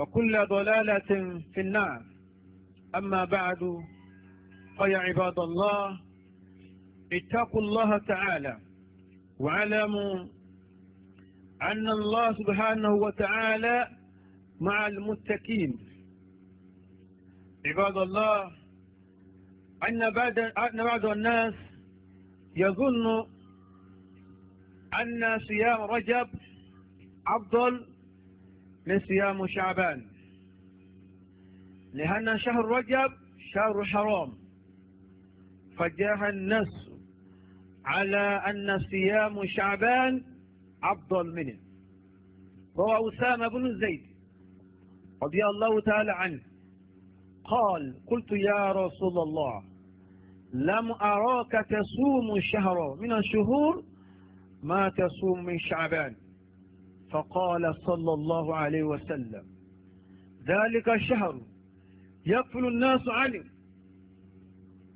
وكل ضلالة في النار أما بعد فيا عباد الله اتقوا الله تعالى واعلموا أن الله سبحانه وتعالى مع المتكين عباد الله أن بعض الناس يظن أن صيام رجب أفضل من صيام شعبان لأن شهر رجب شهر حرام فجاء النص على أن صيام شعبان أفضل منه هو أسامة بن زيد رضي الله تعالى عنه قال قلت يا رسول الله لم أراك تصوم شهرا من الشهور ما تصوم من شعبان فقال صلى الله عليه وسلم ذلك الشهر يقفل الناس عنه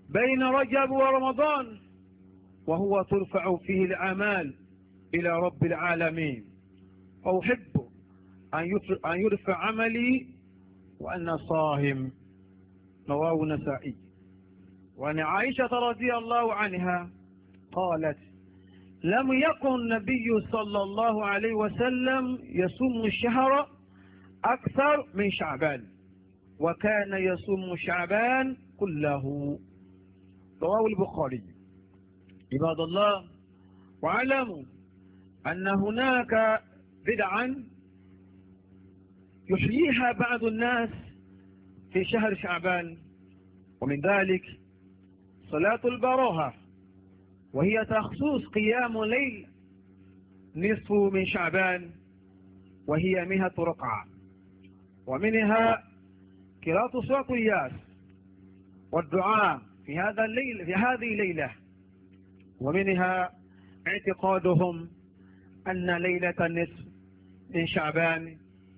بين رجب ورمضان وهو ترفع فيه الأعمال إلى رب العالمين أحب أن يرفع عملي وأنا صاهم رواه نسائي وعن عائشة رضي الله عنها قالت لم يكن النبي صلى الله عليه وسلم يصوم الشهر أكثر من شعبان وكان يصوم شعبان كله رواه البخاري عباد الله واعلموا أن هناك بدعا يحييها بعض الناس في شهر شعبان ومن ذلك صلاة البراهة وهي تخصوص قيام ليل نصف من شعبان وهي مئة رقعة ومنها قراءة صوت الياس والدعاء في هذا الليل في هذه الليلة ومنها اعتقادهم أن ليلة النصف من شعبان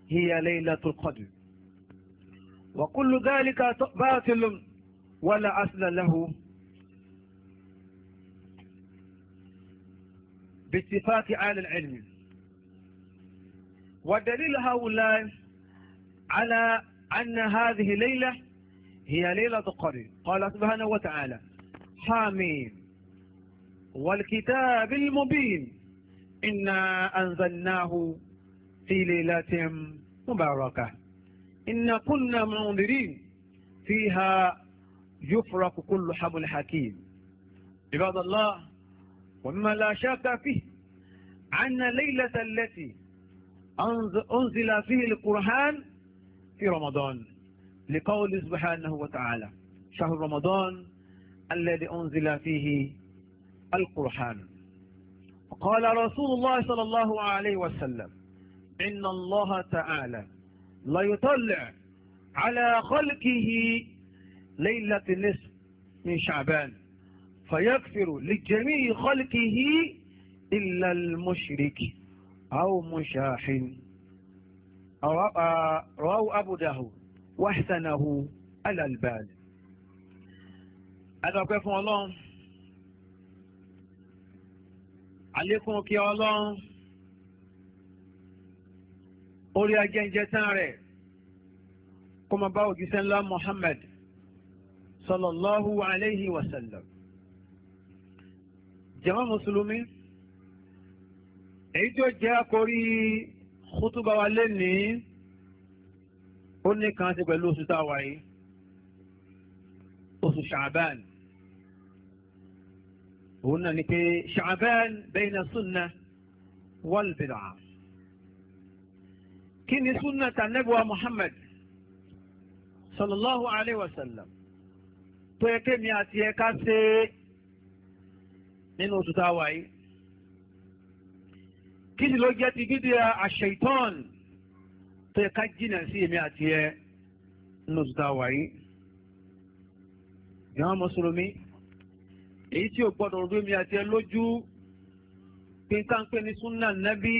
هي ليلة القدر وكل ذلك باطل ولا أصل له بصفات أهل العلم ودليل هؤلاء على أن هذه ليلة هي ليلة القدر قال سبحانه وتعالى حامين والكتاب المبين إنا أنزلناه في ليلة مباركة إن كنا منذرين فيها يفرق كل حمل حكيم عباد الله ومما لا شك فيه أن ليلة التي أنزل فيه القرآن في رمضان لقول سبحانه وتعالى شهر رمضان الذي أنزل فيه القرآن قال رسول الله صلى الله عليه وسلم إن الله تعالى لا يطلع على خلقه ليلة النصف من شعبان فيغفر لجميع خلقه إلا المشرك أو مشاح رواه أبو داود واحسنه الألباني adọ́pẹ́ fún ọlọ́run àlékún kí ọlọ́run orí ajẹ́njẹ tán rẹ̀ kó máa bá òjíṣẹ́ ńlá Muhammad sallallahu alayhi jàmá mùsùlùmí èyí tí ó jẹ́ àkórí kútúbà wa lénìí ó ní kan ṣe pẹ̀lú oṣù tá a wà yìí oṣù ṣàbán òun náà ni pé ṣàbán bayna súnà wal kí ni súnà tànẹ́bùwà Muhammad sallallahu alayhi wa sallam tó yẹ kémi àti ẹ̀ka ṣe nínú oṣù tá a wà yìí kí sì ló jẹ́ ti bídíà àṣeyìtọ́n tó yẹ ká jìnà sí èmi àti ẹ nínú oṣù tá a wà yìí ìyá mùsùlùmí èyí tí ò gbọ́dọ̀ rú èmi àti ẹ lójú pé nǹkan pé ní súnà nábì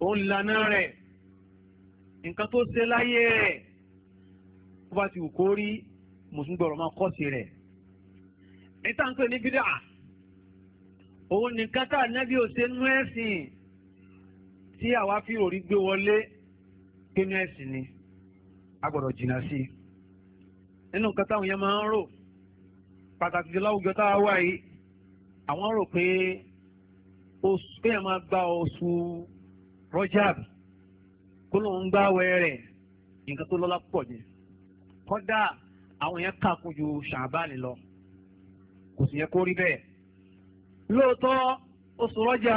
òun lànà rẹ̀ nǹkan tó ṣe láyé rẹ̀ bó bá ti wù kó rí mùsùlùmí gbọ́dọ̀ máa kọ́ sí rẹ̀ níta ń pè ní bídíà òun nìkan tá ànábì òṣè nú ẹ̀sìn tí àwa fi òrí gbé wọlé pé nú ẹ̀sìn ni a gbọ́dọ̀ jìnnà sí i nínú nǹkan táwọn yẹn máa ń rò pàtàkì jùlọ àwùjọ tá a wà yìí àwọn rò pé oṣù pé máa gba oṣù Rajab kó ló ń gbá wẹ́rẹ̀ nǹkan tó lọ́lá pọ̀ ni kọ́dà àwọn yẹn kà kún ju Ṣàbáànì lọ kò sì yẹ kó rí bẹ́ẹ̀. lóòótọ́ oṣù rọ́jà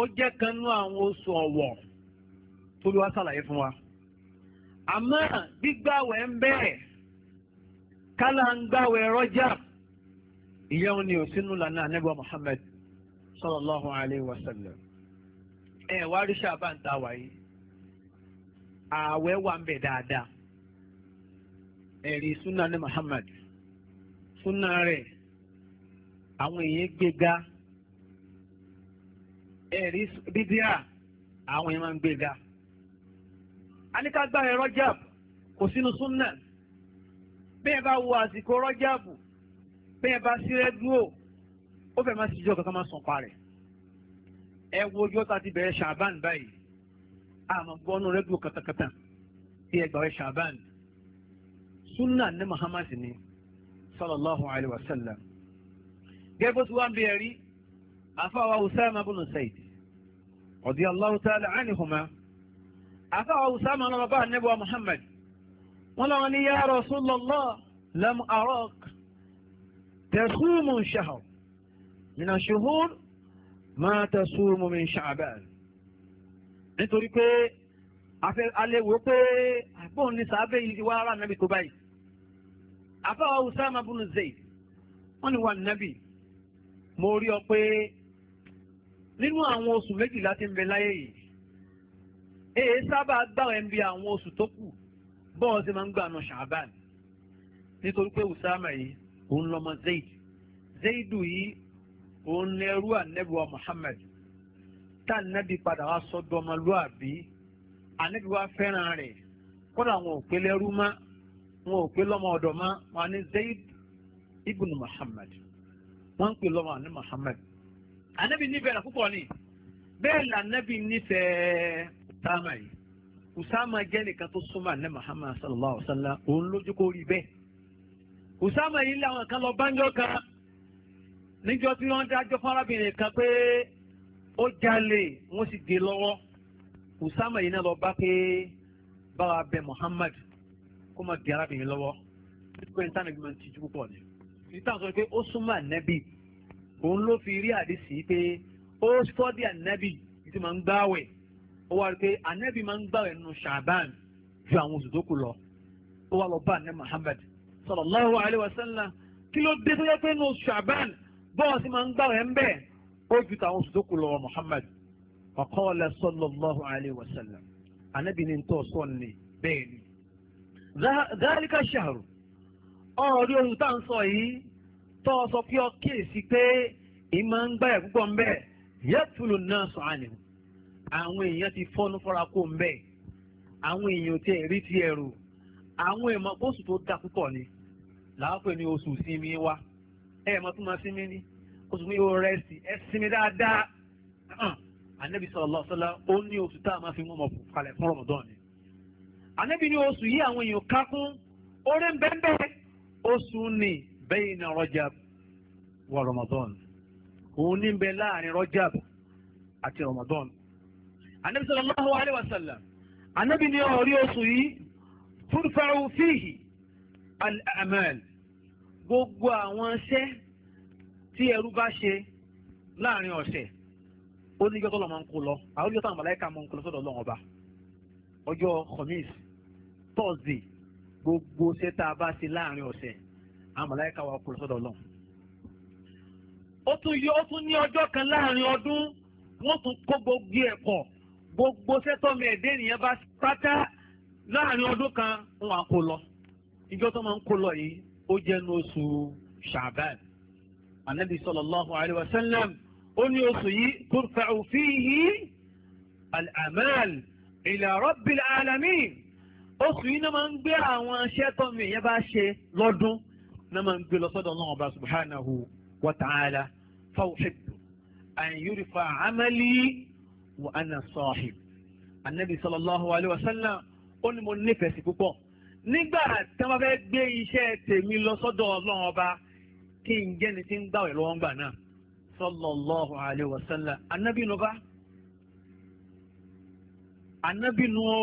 ó jẹ́ kan nú àwọn oṣù ọ̀wọ̀ wá sàlàyé fún wa àmọ́ gbígbàwẹ̀ ń bẹ́ẹ̀ kálá ń gbàwẹ̀ rọ́jà ìyẹn ni lànà Muhammad sallallahu alayhi wa sallam ẹ wá rí sábà ń ta wáyé ààwẹ̀ wà ń bẹ̀ dáadáa ẹ̀rí àwọn èèyàn gbéga ẹ̀rí bídíà àwọn èèyàn máa ń gbéga. aníkàgbà ẹ̀rọ jáàbù kò sínú súnnà bẹ́ẹ̀ bá wo àsìkò rọ́jàbù bẹ́ẹ̀ bá sí rẹ́dúò ó fẹ́ máa ṣíjọ́ kankan máa sàn parẹ́ ẹ wo ojú ọ̀tá ti bẹ̀rẹ̀ ṣàbán báyìí àmọ́ gbọ́nú rẹ́dúò katakata tí ẹ gbàwé ṣàbán súnnà Muhammad ni sallallahu alayhi wa sallam. gẹ́gẹ́ bó ti wá ń bí ẹ̀rí àfáwà Usama bùnú Said radiyallahu ta'ala anhuma àfáwà Usama náà bá nẹ́bùwà Muhammad wọ́n lọ́wọ́ ní ya Rasulullah lam arak tasumu shahr min ash-shuhur ma tasumu min Sha'ban nítorí pé alẹ́wò pé àgbọ̀n ní sàábẹ́ yìí wá ara nàbì tó báyìí àfáwà Usama bùnú Zaid wọ́n ni wà nàbì mo rí ọ pé nínú àwọn oṣù méjìlá tí ń bẹ láyé yìí èyí sábà gbà ẹ̀ ń bi àwọn oṣù tó kù bọ́ọ̀ sì máa ń gbà nù ṣàbàn nítorí pé usama yìí òun lọmọ zayd zaydu yìí òun ní ẹrú ànẹ́bùwà muhammad tá ànẹ́bì padà wá sọ́dọ̀ ọmọlúàbí ànẹ́bì wá fẹ́ràn rẹ̀ kódà wọn ò pé lẹ́rú mọ́ wọn ò pé lọ́mọ ọ̀dọ̀ mọ́ wọn ní zayd ibn muhammad wọ́n ń pè lọ́mọ àní Muhammad anabi nífẹ̀ẹ́ rẹ̀ púpọ̀ ni bẹ́ẹ̀ ni anabi nífẹ̀ẹ́ Usama yìí Usama jẹ́ nìkan tó súnmọ́ àní Muhammad sallallahu alayhi wa sallam òun lójú kó rí bẹ́ẹ̀ Usama yìí làwọn kan lọ bánjọ́ kan níjọ́ tí wọ́n dájọ́ fárábìnrin kan pé ó jalè wọ́n sì gé lọ́wọ́ Usama yìí náà lọ bá pé báwa bẹ Muhammad kó má gé arábìnrin lọ́wọ́ nítorí pé nítorí pé nítorí pé tijú púpọ̀ ni ìtàn sọ pé ó súnmọ́ ànábì òun ló fi rí àdìsí pé ó sọ́dí ànábì tí máa ń gbáwẹ̀ ó wá rí pé ànábì máa ń gbáwẹ̀ nínú ṣàbán ju àwọn oṣù tó kù lọ ó wá lọ bá ànábì Muhammad sallallahu alayhi wa sallam kí ló dé tó pé nínú ṣàbán bọ́ọ̀sì máa ń gbáwẹ̀ ń bẹ́ẹ̀ ó ju tàwọn oṣù tó kù lọ Muhammad ọ̀kọ́ọ̀lẹ̀ sallallahu alayhi wa sallam ànábì ní tó sọ ni bẹ́ẹ̀ ni dhalika shahru ọ̀rọ̀ rí ohun tá n sọ yìí tó o sọ pé ọ kíyèsí pé ìmọ̀ ń gbáyà púpọ̀ ń bẹ̀ náà sọ ti fọ́nú fọ́ra kó ń bẹ̀ àwọn ti rí ti ẹ̀rù àwọn èèmọ̀ oṣù tó da púpọ̀ ni làápẹ̀ ni oṣù sinmi wa ẹ̀ẹ̀mọ̀ tó máa sinmi ni oṣù mi yóò rẹ́sì sinmi dáadáa anabi ó ní oṣù tá a máa fi mú ọmọ kalẹ̀ fún ni anabi ní oṣù yìí àwọn èèyàn kákún oore ń bẹ́ẹ̀ bẹ́ẹ̀ oṣù ni bayna Rajab wa Ramadan òun ní bẹ láàrin Rajab àti Ramadan anabi sallallahu alayhi wa sallam anabi ní ọ̀rí oṣù yìí turfa'u fihi al-amal gbogbo àwọn iṣẹ́ tí ẹrú bá ṣe láàrin ọ̀sẹ̀ ó ní ìjọ́ tó ń kó lọ àwọn ìjọ́ táwọn màláíkà máa ń kó lọ sọ́dọ̀ ọlọ́run ọba ọjọ́ khamis thursday gbogbo ṣe tá a bá ṣe láàrin ọ̀sẹ̀ àwọn màláíkà wa kúrò sọ́dọ̀ Ọlọ́run. ó tún yọ ó tún ní ọjọ́ kan láàrin ọdún wọ́n tún kó gbogbo ẹ̀ pọ̀ gbogbo sẹ́tọ́mì ẹ̀dẹ́ ènìyàn bá pátá láàrin ọdún kan wọn à kó lọ ìjọ tó máa ń kó lọ yìí ó jẹ́ ní oṣù Ṣàbán anabi sallallahu alayhi wa ó ní oṣù yìí turfa'u fihi al-amal ila rabbil alamin oṣù yìí náà máa ń gbé àwọn iṣẹ́ tọ́mi ìyẹn bá ṣe lọ́dún náà máa ń gbé lọ sọ́dọ̀ Ọlọ́run ọba subhanahu wa ta'ala fawuhibbu an yurifa amali wa ana sahib anabi sallallahu alayhi wa sallam ó ní mo nífẹ̀ẹ́ sí púpọ̀ nígbà tí wọ́n fẹ́ gbé iṣẹ́ tèmi lọ sọ́dọ̀ Ọlọ́run ọba kí n jẹ́ni tí ń gbàwẹ̀ lọ́wọ́ ńgbà náà sallallahu alayhi wa sallam anabi nù bá anabi nù ó.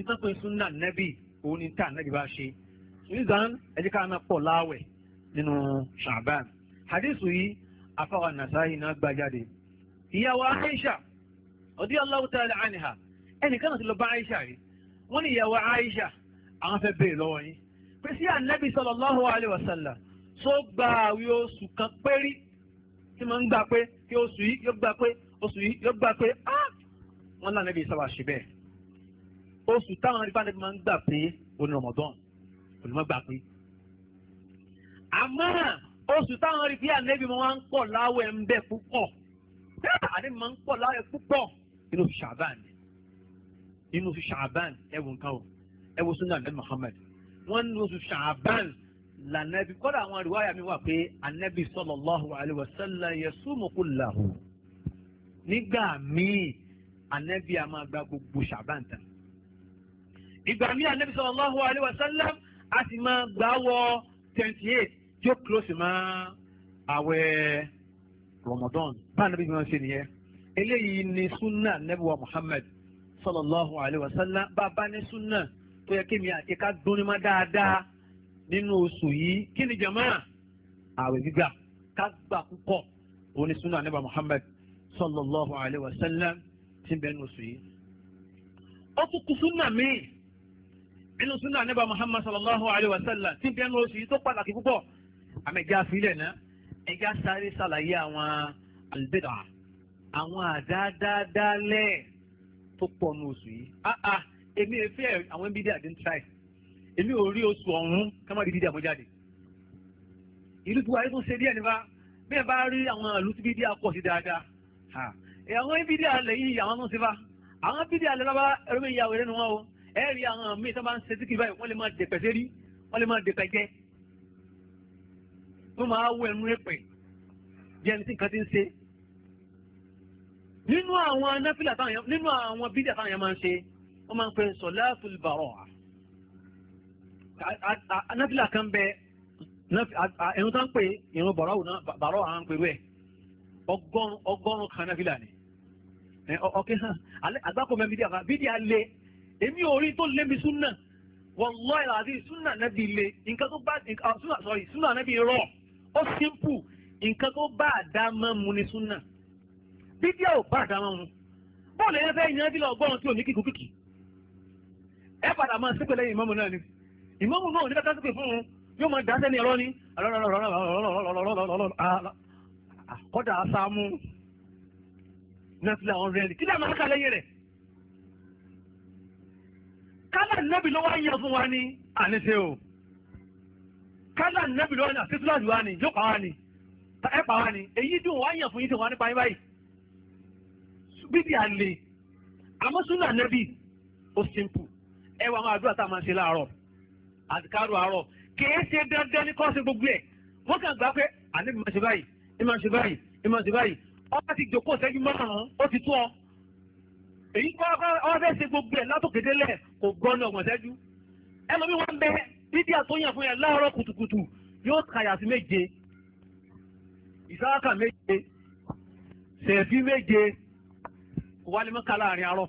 ìtọ́pẹ́ súnà nẹ́bì òun ni tá nẹ́bì bá ṣe ṣùgbọ́n ẹ jẹ́ ká máa pọ̀ láwẹ̀ nínú ṣàbán hadithu yìí afáwa nàṣáyì náà gbà jáde ìyá wa Aisha radiyallahu ta'ala anha ẹnìkan náà ti lọ bá Aisha rí wọ́n ní ìyá wa Aisha àwọn fẹ́ béèrè lọ́wọ́ yín pé sí ànábì sallallahu alaihi wasallam tó gba àwẹ̀ oṣù kan péré tí mo ń gbà pé kí oṣù yìí yóò gbà pé oṣù yìí yóò gbà pé ah wọ́n lànà bí sábà ṣe bẹ́ẹ̀ oṣù táwọn arífáàdébí máa ń gbà pé òní Ramadan olùmọ̀ gbà pé. àmọ́ oṣù táwọn arífí ànẹ́bí máa ń pọ̀ láwẹ̀ ń bẹ púpọ̀ ànẹ́bí máa ń pọ̀ láwẹ̀ púpọ̀ inú oṣù Ṣàbán inú oṣù Ṣàbán ẹ̀wọ̀n kan o ẹ̀wọ̀n sunna ànẹ́bí Muhammad wọ́n ní oṣù Ṣàbán lànàbí kọ́dà àwọn àríwáyà mi wà pé ànẹ́bí sallallahu alaihi wasallam yasumu kullahu nígbà míì ànẹ́bí a máa gba gbogbo Ṣàbán tán ìgbà míì anabi sallallahu alayhi wa sallam a sì máa gbà wọ twenty eight tí ó close mọ́ àwẹ̀ Ramadan bá anabi máa ṣe nìyẹn eléyìí ni sunna anabi wa Muhammad sallallahu alayhi wa sallam bàbá ní sunna tó yẹ kí mi àti ká dúnni má dáadáa nínú oṣù yìí kí ni jama àwẹ̀ gbígbà ká gbà púpọ̀ òun ni sunna anabi Muhammad sallallahu alayhi wa sallam ti bẹ́ẹ̀ ní oṣù yìí ó tún sunna míì inú súnà anábà muhammad sallallahu alayhi wa sallam tí bẹ́ẹ̀ ní oṣù yìí tó pàtàkì púpọ̀ àmì ẹja àfilẹ̀ náà ẹja sáré ṣàlàyé àwọn albeda àwọn àdáadáadáalẹ̀ tó pọ̀ ní oṣù yìí àà ah, ah, èmi ẹ fẹ́ àwọn ibi díẹ̀ àdéntráì èmi ò rí oṣù ọ̀hún kámá di dídí àmójáde ìlú tí wàá yẹ tó ṣe díẹ̀ nípa bẹ́ẹ̀ bá rí àwọn ìlú tí bíi díẹ̀ pọ̀ sí dáadáa àwọn ibi díẹ̀ alẹ́ yìí àwọn tó ṣe fa àwọn ibi díẹ̀ alẹ́ ẹ rí àwọn míì tó bá ń ṣe síkì báyìí wọ́n lè máa dẹ̀pẹ̀ sí rí wọ́n lè máa dẹ̀pẹ̀ jẹ́ wọ́n máa wọ ẹnu ẹ̀pẹ̀ jẹ́ ẹni tí nǹkan ti ń ṣe. nínú àwọn anáfíìlà táwọn nínú àwọn bídà táwọn yẹn máa ń ṣe wọ́n máa ń pè sọ̀láàtùl bàrọ̀ anáfíìlà kan bẹ ẹnu tó ń pè ìrún bàrọ̀ à ń pèrú ẹ̀ ọgọ́rùn-ún kan anáfíìlà ni ọkẹ́ hàn àgbákò mẹ́ bídà lé èmi ò rí tó lébi súnà wọ́nlọ́ ìlàdí súnà nẹ́bi le nǹkan tó bá ah, súnà sọ̀rọ̀ súnà nẹ́bi rọ̀ ó simple nǹkan tó bá àdámọ́ mu ni súnà bídíà ò bá àdámọ́ mu bọ́ọ̀lù ẹ̀yẹ́ fẹ́ yan bílọ̀ ọgọ́rùn-ún tí ò ní kíkú kíkì ẹ padà máa sípè lẹ́yìn ìmọ̀mù náà ni ìmọ̀mù náà ò ní kákásípè fún un yóò máa dá sẹ́ni ẹ̀rọ ni kọ́dà sáàmù náà ti lè àwọn rẹ̀ kí kálá nẹ́bì ló wá ń yẹ fún wa ní àníṣe o kálá nẹ́bì ló wá ní àtẹ́túláàdì wa ní yóò pa wa ní ẹ pa wa ní èyí dùn wá ń yẹ fún yín tí wọ́n á nípa yín báyìí bíbí àlè àmọ́ súnà nẹ́bì ó simple ẹ wà máa dúrà tá máa ṣe láàárọ̀ àtikárò àárọ̀ kìí ṣe dandan ní kọ́ọ̀sì gbogbo ẹ̀ wọ́n kàn gbà pé àníbi máa ṣe báyìí ẹ ṣe báyìí ẹ ṣe báyìí ọ èyí kọ́ ọ́fẹ́ ṣe gbogbo ẹ̀ látòkèdélẹ̀ kò gbọ́nà ọ̀gbọ̀nsẹ́jú ẹlòmí wọn bẹ bíbí àtọ́yàn fún yẹn láàárọ̀ kùtùkùtù yóò kàyà sí méje ìsáàkà méje sẹ̀fí méje kò wá lè mọ́ ká láàrin arọ́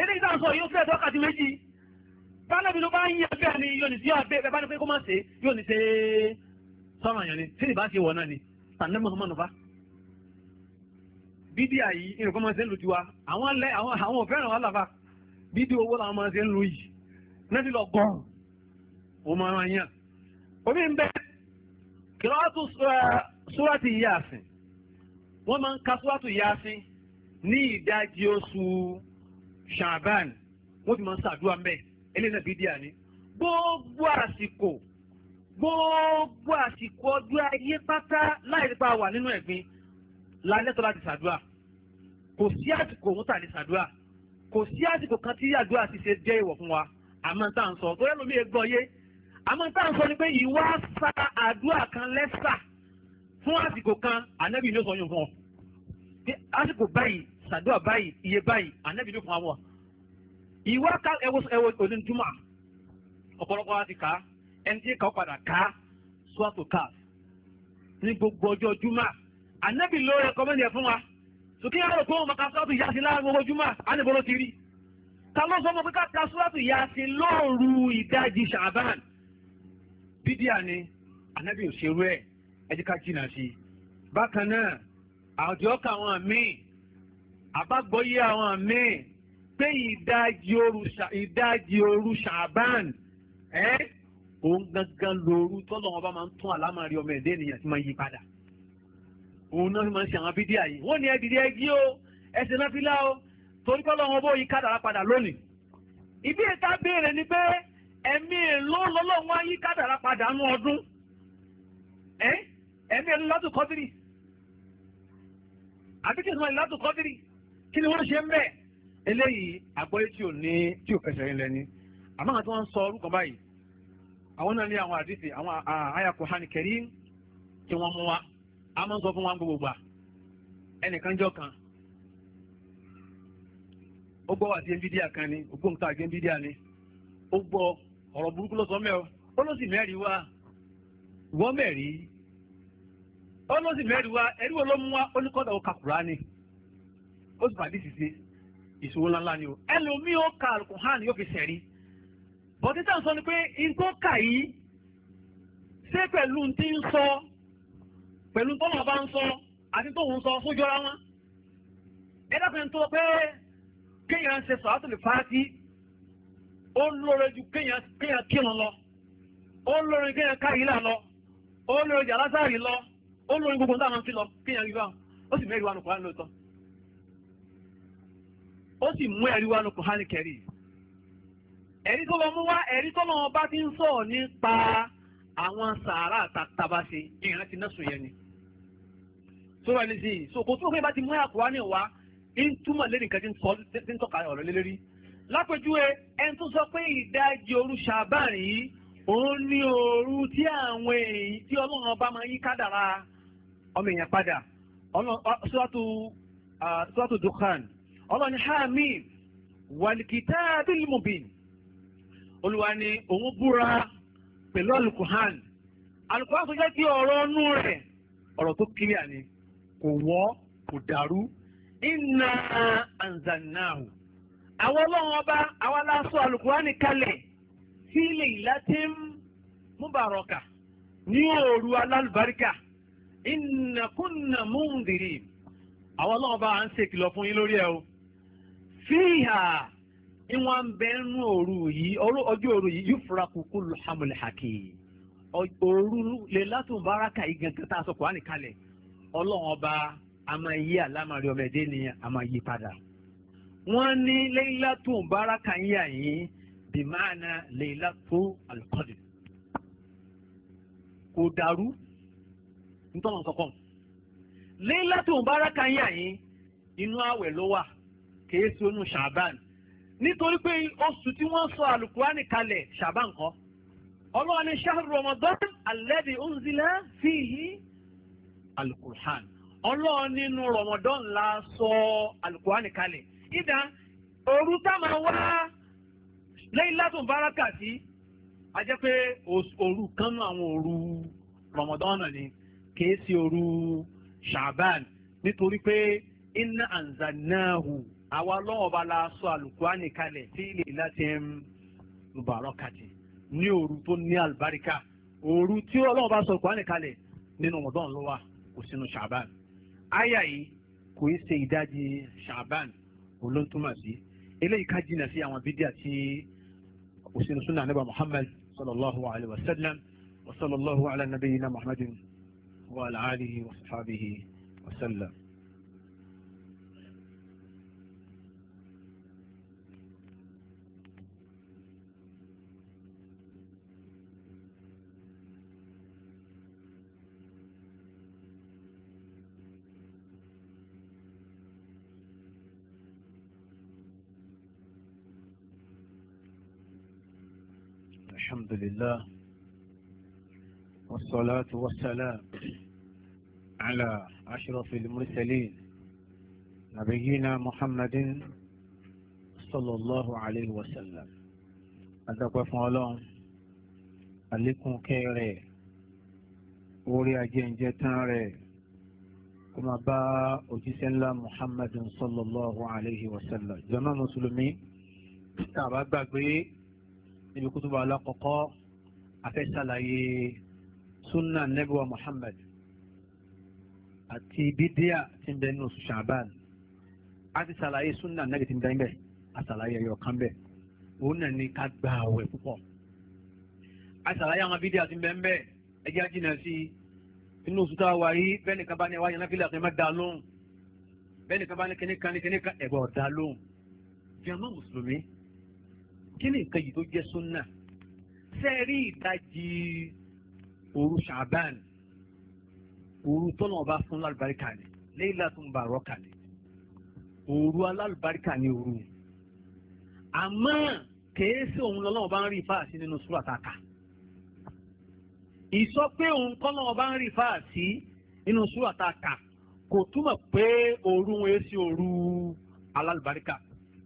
eléyìí tá à ń sọ yóò fẹ́ tọ́kàtí méjì bálábi ló bá ń yẹ bẹ́ẹ̀ ni yóò ní sí abẹ́ bẹ́ẹ̀ bá ní pé kó má ṣe yóò ní ṣe sọ́ràn yẹn ni tí ì bídíà yìí nǹkan máa ń ṣe ń lu tiwa àwọn lẹ àwọn àwọn òfẹ́ràn wà láfa bídíà owó làwọn máa ń ṣe ń lu yìí náà ti lọ gbọ́n ó máa ń yàn omi ń bẹ kìlọ́ọ̀tù súwátì yáàsìn wọ́n máa ń ka súwátù yáàsìn ní ìdajì oṣù ṣàbán wọ́n ti máa ń ṣàdúrà mbẹ́ eléyìí náà bídíà ni gbogbo àsìkò gbogbo àsìkò ọdún ayé pátá láì nípa wà nínú ẹ̀gbin lálẹ́ tó láti ṣàdúrà kò sí àsìkò òun tà ní sàdúrà kò sí àsìkò kan tí àdúrà ti ṣe jẹ́ ìwọ̀ fún wa àmọ́ tá à ń sọ tó yẹ́nu mi yé àmọ́ tá à ń sọ ni pé ìwà sa àdúrà kan lẹ́sà fún àsìkò kan ànábì ló sọ yún fún ọ àsìkò báyìí sàdúrà báyìí iye báyìí ànábì ló fún wa wọ̀ ìwà ká ẹwọ ẹwọ onídùúmọ̀ ọ̀pọ̀lọpọ̀ wa ti kà á ẹni tí kà ó padà kà á sọ́ọ̀tò káà ní gbogbo ọjọ́ sùkí yàrá tó mọ̀ ká sọ́ọ̀tù Yasin láàrin gbogbo júmọ́ àníbọ̀lọ́ ti rí ta ló sọ mọ́ pé ká ka sọ́ọ̀tù Yasin lóòru ìdajì ṣàbán bídíà ni anábì ò ṣerú ẹ̀ ẹ̀jẹ̀ ká jìnnà sí i bákan náà àjọkà àwọn míì àbágbọ́yé àwọn míì pé ìdajì òru ṣàbán ẹ̀ òun gangan lóru tọ́lọ́wọ́n bá máa ń tún àlámàrí ọmọ ẹ̀dẹ́ ènìyàn tí máa ń yí padà òun náà fi máa ń ṣe àwọn bídíà yìí wọ́n ní ẹ dìde ẹgí o ẹsẹ̀ náà fi lá o torí kọ́ lọ́wọ́ bó yí kádàrá padà lónìí. ibi ìta béèrè ni pé ẹ̀mí èlò lọ́lọ́wọ́ yí kádàrá padà nú ọdún ẹ̀mí èlò látò kọ́dírì àbíkẹ́ ìsúnmọ́ ìlú látò kọ́dírì kí ni wọ́n ṣe ń bẹ̀ eléyìí àgbọ́yé tí ò ní tí ò fẹsẹ̀ rinlẹ̀ ni àmọ́ àwọn tí wọ́n ń sọ orúkọ báyìí àwọn náà ní àwọn àdìsí àwọn àyàkùn hàn kẹrí tí wọ́n mú wa a máa ń sọ fún wa gbogbo gbà ẹnìkan jọ kan ó gbọ́ àti nvidia kan ni ògbóǹta àti nvidia ni ó gbọ́ ọ̀rọ̀ burúkú ló sọ mẹ́ọ ó ló sì mẹ́rin wá wọ́n mẹ́rin ó ló sì mẹ́rin wá ẹ̀rí wo ló mú wá ó ní kọ́dà ó ka Kùránì ó sì pàdé ìṣiṣẹ́ ìṣòro ńláńlá ni o ẹlòmíì ó ka Kùránì yóò fi sẹ̀rí bọ̀dé tá à ń sọ ni pé nǹkan kà yìí ṣé pẹ̀lú ti ń sọ. pẹ̀lú tọ́nà bá ń sọ àti tóun sọ fún jọra wọn. ẹ dákun tó pé kéèyàn ṣe sọ̀rọ̀ lè fàájì ó lóore ju kéèyàn lọ ó lóore kéèyàn lọ ó lóore lọ ó lóore gbogbo lọ kéèyàn rí báwọn ó sì mẹ́rin lọ mú wá ẹ̀rí tó lọ́wọ́ bá ti ń nípa àwọn sàárà ìrántí náà sùn yẹn ni. sọ́rọ̀ ẹni sí so kò túnbọ̀ pé bá ti mú àkùránì wá ń túmọ̀ lé nìkan tí ń tọ́ka ọ̀rọ̀ lé lérí lápẹjúwe ẹni tó sọ pé ìdajì òru ṣàbàn yìí òun ní òru tí àwọn èyí tí ọlọ́run ọba máa yí kádàrá ọmọ èèyàn padà sọ́tù dukhan ọlọ́run ní hàmí wàlìkìtàbíl olùwà ni òun búra pẹ̀lú alukuhan alukuhan tó jẹ́ kí ọ̀rọ̀ ọnú rẹ̀ ọ̀rọ̀ tó kíríà ni. kò wọ́ kò dàrú inna anzalnahu àwọn ọlọ́run ọba àwọn aláṣọ alukurani kalẹ̀ sí laylatin mubaraka ní òru alálùbáríkà inna kunna mundirin àwọn ọlọ́run ọba à ń ṣèkìlọ̀ fún yín lórí ẹ̀ o fíhà ìwọ̀n ń bẹ nínú òru yìí ọjọ́ òru yìí yufraku kullu òru mubaraka ìgànkátà sọ Kùránì kalẹ̀ ọlọ́run ọba a máa yí àlámàrí ọmọ ẹ̀dẹ́ ni a máa yí padà. wọ́n ní leilatu baraka yíyà yìí bí maana leilatu alqadr kò dàrú nítorí kankan. leilatu baraka yíyà yìí inú àwẹ̀ ló wà kìí ṣe onú ṣàbán nítorí pé oṣù tí wọ́n sọ alukurani kalẹ̀ ṣàbán kọ́ ọlọ́run ní shahru ramadan alladhi unzila fihi alukur'an ọlọ́run nínú Ramadan la sọ alukur'an kalẹ̀ ìdá òru táwọn wá lẹ́yìn látún báraka sí a jẹ́ pé òru kan náà àwọn òru rọmọdán ni kìí sí òru ṣàbán nítorí pé iná àǹzànáhù àwa lọ́wọ́ la sọ alukur'an kalẹ̀ sí ilé láti mubarakati ní òru tó ní àlùbáríkà òru tí ọlọ́run bá sọ alukur'an kalẹ̀ nínú rọmọdán ló kù sínú ṣàbán aya yìí kò í ṣe ìdajì ṣàbán olóńtúmọ̀ sí eléyìí ká jìnnà sí àwọn bídíà tí kù sínú súnà níbà Muhammad sallallahu alayhi wa sallam wa sallallahu ala wa ala wa sahbihi wa sallam. الحمد لله والصلاة والسلام على أشرف المرسلين نبينا محمد صلى الله عليه وسلم أدقى فعلان عليكم كيري وري أجنجتان ري كما با أجسن محمد صلى الله عليه وسلم جمع مسلمين تابع بقى níbi kútúbà alákọ̀ọ́kọ́ afẹ́sàlàyé sunna nebuwa muhammad àti bídíà tí ń bẹ nínú oṣù ṣàbán a ti sàlàyé sunna nẹ́gì tí ń bẹ níbẹ̀ a sàlàyé ẹ̀yọ̀ kan bẹ̀ òun náà ní ká gba àwẹ̀ púpọ̀ a sàlàyé àwọn bídíà tí ń bẹ níbẹ̀ ẹjẹ́ àjìnà sí inú oṣù tá a wà yìí bẹ́ẹ̀ nìkan bá ní ẹwà yẹn náà fi làkàn má lóhùn bẹ́ẹ̀ nìkan bá ní kíníkan ní kíníkan ẹ̀gbọ́n ọ̀dà lóhùn fi mùsùlùmí kí ni nǹkan yìí tó jẹ́ súnà sẹ́ẹ̀rí ìdajì òru ṣàbán òru tọ́nà ọba fún lálùbáríkà ni lẹ́yìn látún bá rọ́ọ̀kà ni òru alálùbáríkà ni òru àmọ́ kèésì òun lọ́lọ́wọ́ bá ń rí fáàsì nínú súrà tàkà ìsọ pé òun kọ́lọ́wọ́ ń rí fáàsì nínú súrà kò túmọ̀ pé òru wọn èsì òru alálùbáríkà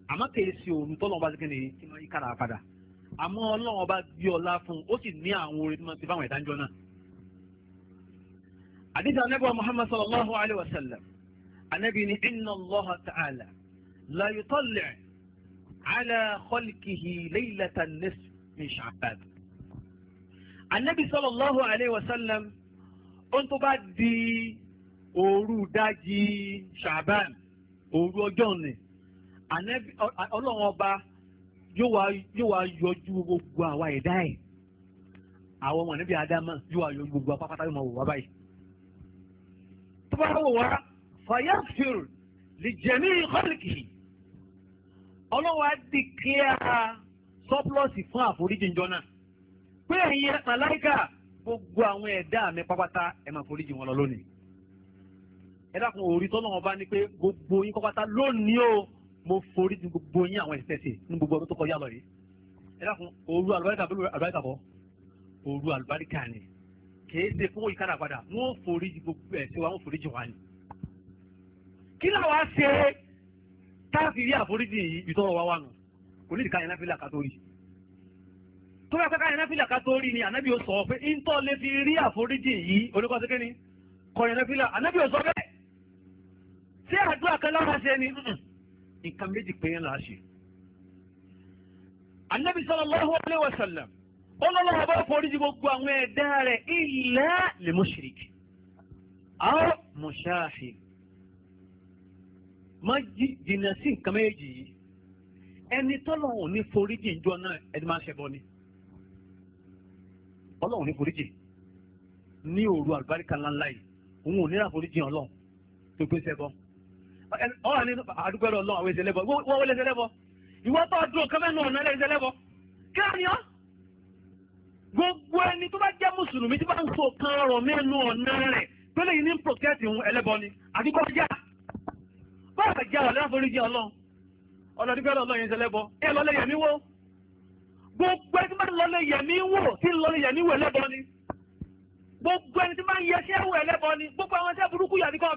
àmọ́ kèé sí òru tọ́lọ́ ọba síkẹ́ ni kí wọ́n yí kára padà àmọ́ ọlọ́run ọba gbé ọlá fún un ó sì ní àwọn orin tí wọ́n ti fáwọn ìdájọ́ náà. àdìsí anábì wa muhammad sallallahu alayhi wa sallam anábì ni inna allah ta'ala la yutalli ala khalqihi laylatan nisf min sha'ban. anábì sallallahu alayhi wa sallam ohun tó bá di òru dájí sha'ban òru ọjọ́ ni ọlọ́run ọba yóò wá yọjú gbogbo àwa ẹ̀dá ẹ̀ àwọn ọmọ níbi àdámà yóò wá yọjú gbogbo apápátá yóò máa wò wá báyìí. tó bá wò wá fayafir lè jẹ̀mí kọ́lìkì ọlọ́run á di kíá sọ́pọ́lọ́sì fún àforíjì ìjọ náà pé ẹ̀yin màláìkà gbogbo àwọn ẹ̀dá mi pápátá ẹ̀ máa foríjì wọn lọ lónìí. ẹ dákun òórí tọ́lọ́run ọba ní pé gbogbo yín pápátá lónìí o mo forí ju gbogbo yín àwọn ẹ̀ṣẹ̀ ṣe ní gbogbo ọdún tó kọjá lọ yìí ẹ dákun òru àlùbáríkà bẹ́ẹ̀ àlùbáríkà kọ́ òru àlùbáríkà ni kìí ṣe fún ìkádà padà wọ́n forí ju gbogbo ẹ̀ṣẹ̀ wa wọ́n forí ju wa ni. kí làwa ṣe táàfìrí àforíjì yìí ìtọ́rọ̀ wa wà nù kò ní ìdíkà yẹn náfìlà ká tó rí tó bá kọ́kọ́ yẹn náfìlà ká tó rí ni ànábì ó sọ pé ntọ́ lè fi rí àforíjì yìí oníkọ́sí kí ni kọ́ yẹn náfìlà ànábì ó sọ bẹ́ẹ̀ ṣé àdúrà kan lára ṣe ni nǹkan méjì péré là á ṣe. anabi sallallahu alayhi wa sallam ọlọ́lọ́wọ́ bá foríjì gbogbo àwọn ẹ̀dá rẹ̀ illa lè mọ́ṣíríkì aw mọ̀ṣáàṣì má jìnnà sí nǹkan méjì yìí ẹni tọ́lọ́hùn ní foríjì ìjọ náà ẹni máa ń ṣẹbọ ni ọlọ́hùn ní foríjì ní òru àlùbáríkà ńláńlá yìí òun ò ní ra foríjì ọlọ́hùn tó gbé ṣẹbọ wọ́n wà ní àdúgbẹ́rẹ́ ọlọ́run àwọn èsè lẹ́bọ̀ wọ́n wọlé ẹsẹ̀ lẹ́bọ̀ ìwọ tó dúró kẹ́mẹ́nu ọ̀nà lẹ́sẹ̀ lẹ́bọ̀ kí á ní ọ́ gbogbo ẹni tó bá jẹ́ mùsùlùmí tí bá ń so kan ọ̀rọ̀ mẹ́nu ọ̀nà rẹ̀ tó lè ní protect ìhun ẹlẹ́bọ ni àdúgbò já báyà já ọ̀lẹ́ àforíjì ọlọ́run ọ̀nà àdúgbẹ́rẹ́ ọlọ́run ẹsẹ̀ lẹ́bọ̀ ẹ lọ́lẹ̀ yẹ̀mí wò gbogbo ẹni tí bá lọ́lẹ̀ yẹ̀mí wò tí lọ́lẹ̀ yẹ̀mí wò ẹlẹ́bọ ni gbogbo ẹni tí bá ń yẹ sí ẹ̀wọ̀ ẹlẹ́bọ ni gbogbo àwọn ẹsẹ̀ burúkú yà ní kọ́ ọ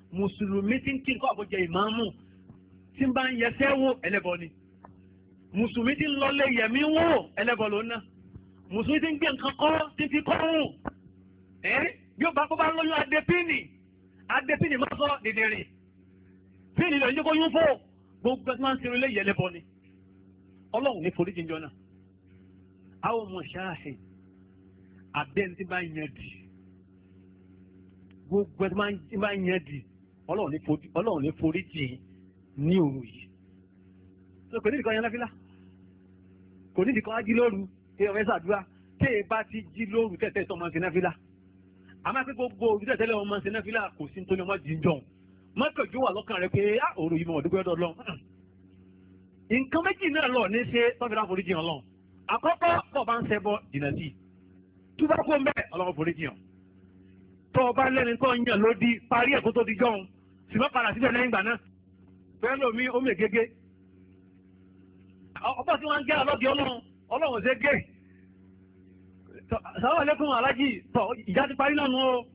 mùsùlùmí tí ń kí nǹkan àbójẹ ìmáàmù tí ń bá ń yẹsẹ́ wò ẹlẹ́bọ ni mùsùlùmí tí ń lọlé yẹmí wò ẹlẹ́bọ ló ná mùsùlùmí tí ń gbé nǹkan kọ́ tí fi kọ́ wò ẹ́ yóò bá kó bá lóyún adépínì adépínì máa sọ dìdìrì pínì lọ yóò kó yún fò gbogbo ẹgbẹ́ máa ń sinmi léyìí ẹlẹ́bọ ni ọlọ́run ní foríjì jọ náà àwọn ọmọ ṣáàṣì àbẹ́ni tí bá ń yan dì gbogbo ẹgbẹ́ máa ń yan dì ọlọ́run ní forí tì ní òru yìí kò ní nìkan yẹn lọ́fílà kò ní nìkan ají lóru tí ọ̀rẹ́ sàdúrà tí èyí bá ti jí lóru tẹ̀tẹ̀ tó máa ń ṣe náfílà àmọ́ pé gbogbo òru tẹ̀tẹ̀ lẹ́wọ̀n máa ń ṣe náfílà kò sí nítorí ọmọ jíjọ mọ́kànjú wà lọ́kàn rẹ pé á ah, òru yìí mọ̀ ọ̀dúgbẹ́ ọ̀dọ́ lọ. nǹkan méjì náà lọ ní ṣe tọ́fìlà forí jiyàn lọ àkọ́kọ́ pọ̀ bá ń ṣẹ bọ jìnnà sí i túbọ̀ kó ń bẹ́ẹ̀ ọlọ́run forí jiyàn tọ́ ọ bá lẹ́ni tó ń yàn lódì parí ẹ̀kọ́ tó ti jọun ṣùgbọ́n padà síbẹ̀ lẹ́yìn ìgbà náà pẹ̀lú lómi ó mè gégé ọgbọ́n tí wọ́n ń gé alọ́dẹ ọlọ́run ọlọ́run ò ṣe gé sàmà lẹ́kùn alájì tọ̀ ìjà ti parí náà o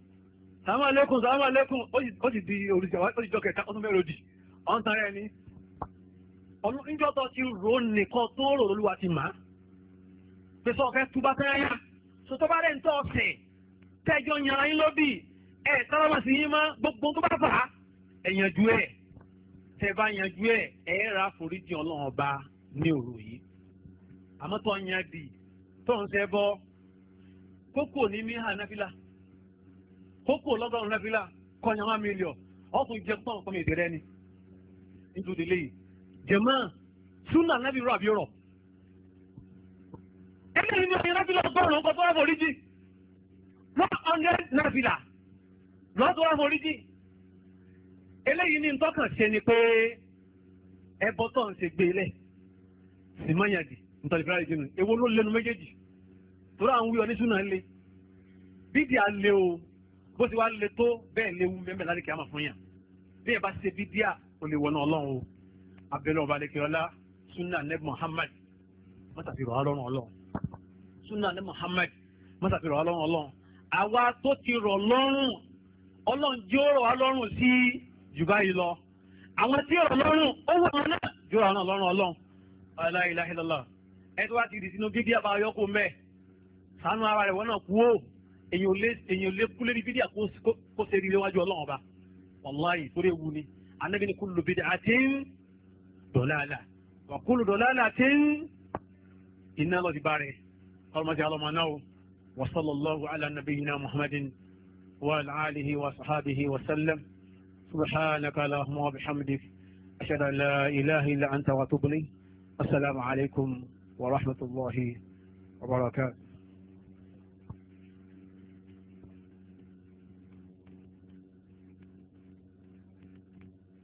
sàmà lẹ́kùn sàmà lẹ́kùn ó sì di òrìṣà ó sì jọ kẹta ó tún fẹ́ rodi ọ̀n tan ẹni níjọ́ tó ti rò nìkan tó rò lóluwa ti mà á pé sọ fẹ́ túbá tẹ́yà sọtọ́ bá rẹ̀ ń tọ́ ọ̀sẹ̀ tẹ́jọ́ yanra yín lóbì ẹ̀ sálámà sí yín mọ́ gbogbo tó bá fà á ẹ e ẹ̀ tẹ́ bá yanjú ẹ̀ ẹ̀ ra foríjì ọlọ́run ọba ní òru yìí àmọ́ tó ń yan di tó ń sẹ́ bọ́ kókò ní míhà náfìlà kókò lọ́gọ́rùn-ún náfìlà kọ́nyàmá mílíọ̀ jẹ pọ́n kọ́mi ni nítorí léyìí jẹ̀mọ́ súnà nábì rọ̀ àbí rọ̀ ọgọ́rùn-ún kọ́ eléyìí ní ntọ́kàn ṣe ni pé ẹbọ tó ń ṣe gbé e lẹ̀ sì mọ́yàgì ntọ́lẹ̀ fúnra rẹ̀ jẹ́nu èwo ló lẹ́nu méjèèjì torí àwọn wíwọ níṣu náà le bídìí à le o bó ti wá le tó bẹ́ẹ̀ léwu mẹ́mẹ́ láti kí a máa fún yàn bí ẹ bá ṣe bídìí à ò lè wọnà ọlọ́run o abẹ́lẹ́ ọba lè ọlá sunna neb Muhammad mọ́tàfihàn ọlọ́run ọlọ́run sunna neb Muhammad mọ́tàfihàn ọlọ́run ọlọ́run àwa tó ti rọ̀ lọ́rùn ọlọ́run jẹ́ ó rọ̀ wá lọ́rùn sí i jù báyìí lọ àwọn tí ọ̀rọ̀ lọ́rùn ó wà wọn náà jù ọ̀rọ̀ náà lọ́rùn ọlọ́run la ilaha illallah ẹni tó wá ti rì sínú bíbí àbáyọ kó mẹ́ sànú ara rẹ̀ wọ́n náà kú ó èyàn lé kú lérí bídíà kó ṣe rí léwájú ọlọ́run ọba wàláyé torí ewu ni anábìíní kullu bid'atin dọ̀láàlà wa kullu dalalatin iná lọ́ọ́ bá rẹ̀ ọlọ́mọdé alọ́mọ náà wa sallallahu ala nabiyyina muhammadin wa ala alihi wa sahabihi wa sallam. سبحانك اللهم وبحمدك أشهد أن لا إله إلا أنت وأتوب إليك السلام عليكم ورحمة الله وبركاته